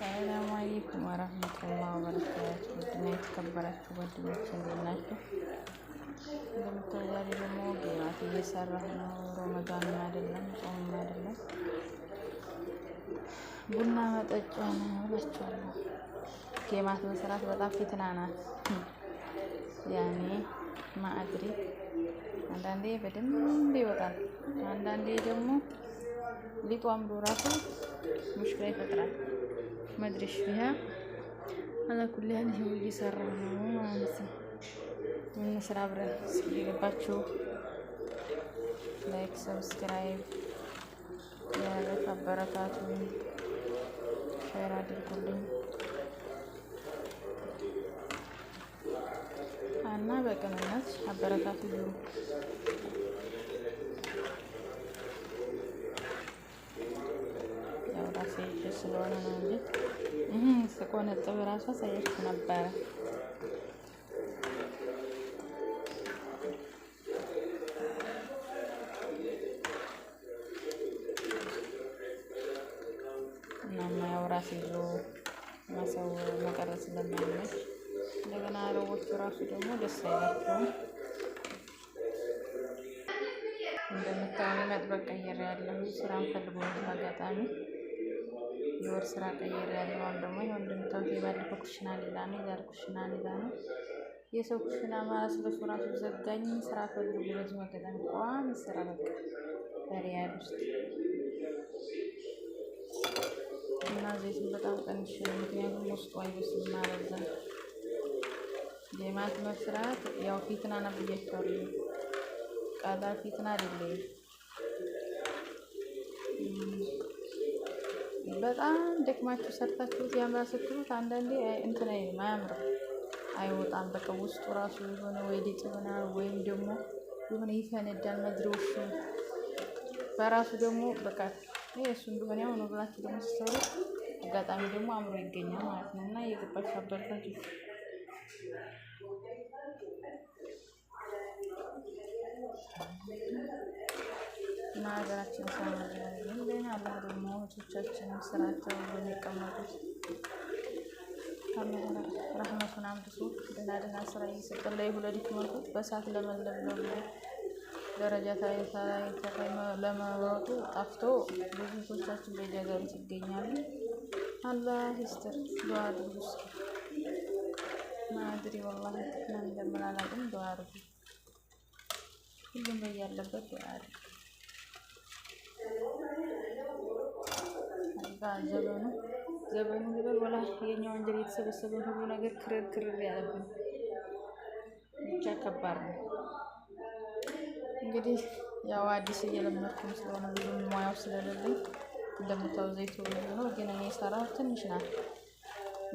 ሰላም አለይኩም ወራህመቱላሂ ወበረካቱ። እና የተከበራችሁ ጓደኞች እንዴት ናችሁ? እንደምታዩት ዛሬ ደግሞ ጌማት እየሰራሁ ነው። ሮመዳን አይደለም ጾም አይደለም ቡና መጠጫ ነው እላችኋለሁ። ጌማት መስራት በጣም ፊትና ናት ያኔ ማዕድሪ አንዳንዴ በደንብ ይወጣል። አንዳንዴ ደግሞ ሊጡ አምሮ ራሱ ሙሽክላ ይፈጥራል። መድረሽ ቢያ አላኩልያን ይሄው እየሰራ ነው ማለት ነው። ምን ስራ አብረን ስለገባችሁ ላይክ ሰብስክራይብ ያረፍ አበረታቱ ሼር አድርጉልኝ። እና በቅንነት አበረታት ነው። ያው ራሴ ስለሆነ ነው እንጂ ይህን ስቆነጥብ ራሱ አሳያችሁ ነበረ። እናማ ያው ራሴ ይዞ ማሰው መቀረጽ ስለማይመች እንደገና አረቦቹ ራሱ ደግሞ ደስ አይላቸውም። እንደምታዩኝ መጥበቅ ቀይር ያለሁ ስራ ፈልጎ አጋጣሚ የወር ስራ ቀይር ያለው አሁን ደግሞ ይኸው እንደምታዩት የባለፈው ኩሽና ሌላ ነው፣ የዛሬ ኩሽና ሌላ ነው። የሰው ኩሽና ማስበሱ ራሱ ዘጋኝ። ስራ ፈልጉ በዚህ አጋጣሚ ቋሚ ስራ በቃ በሪያድ ውስጥ እና ዘይትን በጣም ቀንሽ፣ ምክንያቱም ውስጡ አይበስልም አበዛ የማክለፍ ስርዓት ያው ፊትና ነው ብያቸዋለሁ። ቀላ ፊትና አይደለም። በጣም ደክማችሁ ሰርታችሁት ያምራል ስትሉት አንዳንዴ እንትን አያምርም፣ አይወጣም። በቃ ውስጡ ራሱ የሆነ ወይ ሊጥ ይሆናል ወይም ደግሞ የሆነ ይፈነዳል መድረሹ በራሱ ደግሞ በቃ እሱ እንደሆነ ያው ነው ብላችሁ ደግሞ ስትሰሩ አጋጣሚ ደግሞ አእምሮ ይገኛል ማለት ነው እና የገባችሁ አበረታችሁ ሀገራችን ሰላም ያደርግልን። አላህ ደግሞ እህቶቻችንም ስራቸው የሚቀመጡት ረህመቱን አምድሶ ደህና ደህና ስራ እየሰጠን ላይ ሁለዲት መጡት በእሳት ለመለብለብ ደረጃ ለመሮጡ ጠፍቶ ብዙ እህቶቻችን በየሀገሪቱ ይገኛሉ። አላህ ይስጥር። ዱዓ አድርጉ እስኪ ማድሪ ወላሂ ምን እንደምን ዱዓ አድርጉ ሁሉም በያለበት ዱዓ አድርጉ። ዘበኑ ዘበኑ ልበል ወላ የኛ ወንጀል የተሰበሰበ ሁሉ ነገር ክርር ክርር ያለብን ብቻ ከባድ ነው። እንግዲህ ያው አዲስ እየለመድኩም ስለሆነ ብዙ ሙያው ስለሌለኝ እንደምታው ዘይቱ ብዙ ነው፣ ግን እኔ ሰራው ትንሽ ናት።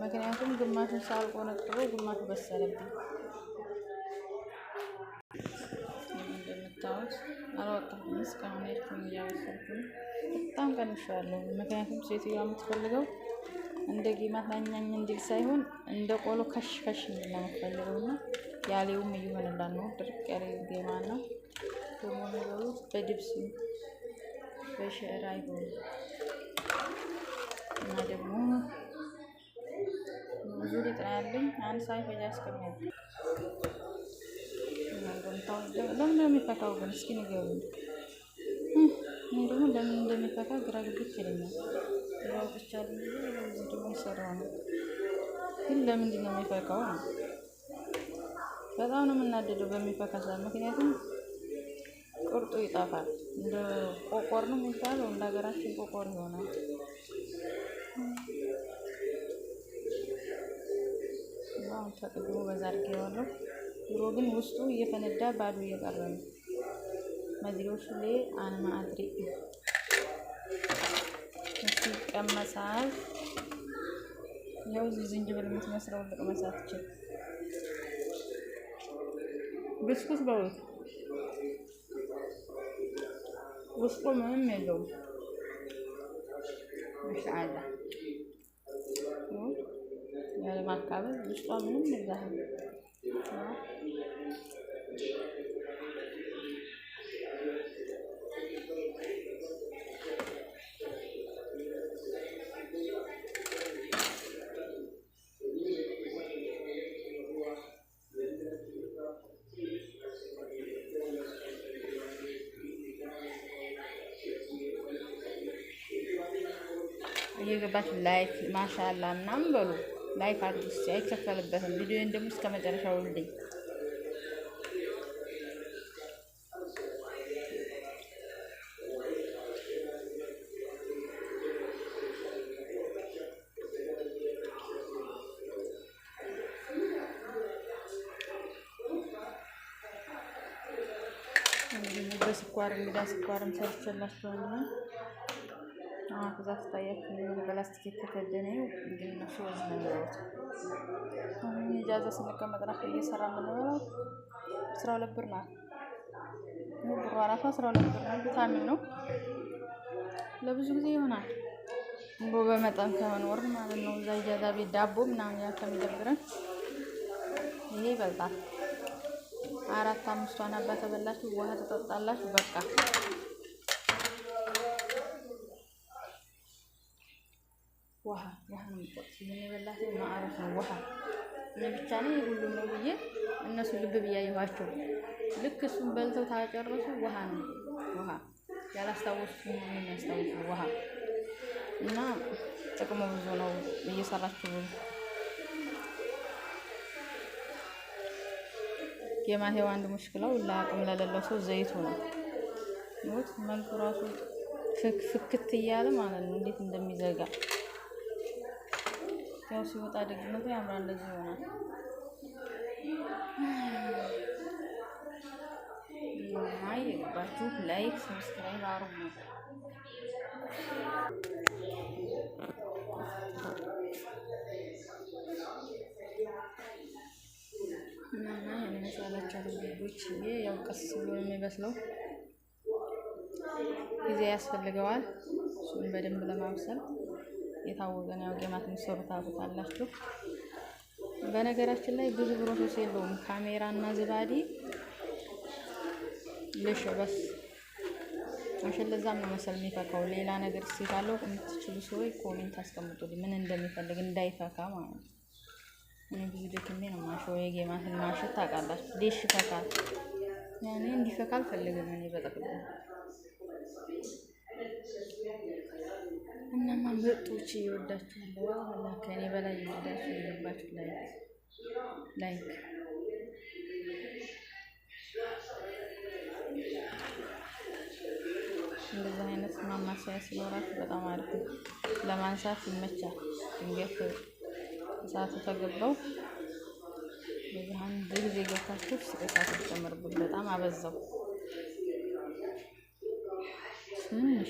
ምክንያቱም ግማሹን ሳልቆ ነጥሎ ግማሹ በሰለብኝ እንደምታዩት አላወጣሁም እስካሁን ኤርፎን እያበሰልኩ በጣም ቀንሻለሁ። ምክንያቱም ሴትዮዋ የምትፈልገው እንደ ጌማ ታኛኝ እንዲል ሳይሆን እንደ ቆሎ ከሽ ከሽ እንዲል ነው የምትፈልገው እና ያሌውም እየሆነላት ነው። ድርቅ ያለ ጌማ ነው ደግሞ ነገሩ በድብስ በሸራ ይሆን እና ደግሞ ብዙ ሊጥ ያለኝ አንድ ሳይፈጃ እስከሚያልቅ ለምን እንደሚፈታው ግን እስኪ ንገሩኝ። እኔ ደግሞ ለምን እንደሚፈታ ግራ ግብት ይለኛል። ያውቅቻለሁ እዚህ ደግሞ ይሰራ ነው፣ ግን ለምንድን ነው የሚፈካው? በጣም ነው የምናደደው በሚፈካ ሰዓት፣ ምክንያቱም ቁርጡ ይጠፋል። እንደ ቆቆር ነው የሚባለው፣ እንደ ሀገራችን ቆቆር ይሆናል። አሁን ተጠቅሞ በዛ አድርጌ ድሮ ግን ውስጡ እየፈነዳ ባዶ እየቀረ ነው። መድረሹ ላይ አነ አድሪ እስቲ ቀመሳል። ይኸው እዚህ ዝንጅብል የምትመስለው ልቅመሳት ይችል ብስኩት በሉት ውስጡ ምንም የለውም። ማሻአላ ያለማካበል ውስጧ ምንም የለም። እየገባችሁ ላይክ ማሻላ ምናምን በሉ ላይፍ አዲስ አይከፈልበትም። ቪዲዮን ደግሞ እስከ መጨረሻው ልኝ በስኳር እንግዳ ስኳርም ሰርቼላችኋለሁ። ከዛ ስታያችሁ የሆነ በላስቲክ የተከደነ ግን እነሱ በዚህ አሁን ኢጃዛ ስንቀመጥ ናት እየሰራ የምንበላው አስራ ሁለት ብር ናት። ይህ ብሩ አራቱ አስራ ሁለት ብር ነው። ቪታሚን ነው። ለብዙ ጊዜ ይሆናል እንቦ በመጠን ከመኖር ማለት ነው። እዛ ኢጃዛ ቤት ዳቦ ምናምን ያ ከሚደብረን ይሄ ይበልጣል። አራት አምስቷን አባ ተበላችሁ፣ ውሃ ተጠጣላችሁ፣ በቃ ውሃ ውሃ የሚቆጥ ይህን የበላት ማዕረፍ ነው። ውሃ እኔ ብቻ ነኝ ሁሉም ነው ብዬ እነሱ ልብ ብያየኋቸው ልክ እሱን በልተው ታጨረሱ ውሃ ነው ውሃ ያላስታወሱት ሁሉ የሚያስታውሱ ውሃ እና ጥቅሙ ብዙ ነው። እየሰራችሁ የማሄው አንድ ሙሽክላው ለአቅም ለሌለው ሰው ዘይቱ ነው። ሞት መልኩ ራሱ ፍክት እያለ ማለት ነው እንዴት እንደሚዘጋ ያው ሲወጣ ደግነቱ ያምራል እንደዚህ ይሆናል። የገባችሁ ላይክ ሰብስክራይብ አርጉ። እናና የምንሳላቸው ልጆች ያው ቀስ ብሎ የሚበስለው ጊዜ ያስፈልገዋል። እሱን በደንብ ለማብሰል የታወቀ ነው። ያው ጌማት የሚሰሩት ታውቁታላችሁ። በነገራችን ላይ ብዙ ፕሮሰስ የለውም። ካሜራ እና ዝባዲ ልሽ በስ ማሽን ለዛም ነው መሰል የሚፈካው። ሌላ ነገር ሲታለው የምትችሉ ሰዎች ኮሜንት አስቀምጡልኝ ምን እንደሚፈልግ እንዳይፈካ ማለት ነው። እኔ ብዙ ደክሜ ነው ማሾ የጌማትን ማሾ ታውቃላችሁ። ዴሽ ፈካል ያኔ እንዲፈካ አልፈልግም እኔ በጠቅሎ እናማ ምርጦች እየወዳችኋለሁ። አላ ከእኔ በላይ እየወዳችሁ የገባችሁ ላይክ ላይክ እንደዚህ አይነት ማማሰያ ሲኖራችሁ በጣም አሪፍ ለማንሳት ይመቻል። ድንገት እሳቱ ተገባው በዚህ ጊዜ ገብታችሁ እሳት ትጨምርቡት። በጣም አበዛው ትንሽ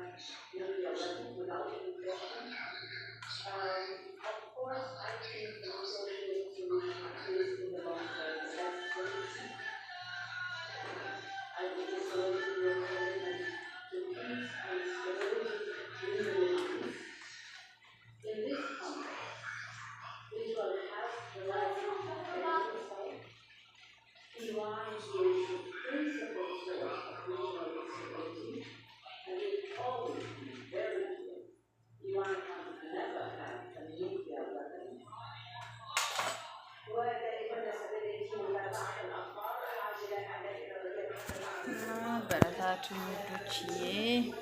Um, of course, I think those are 对不起。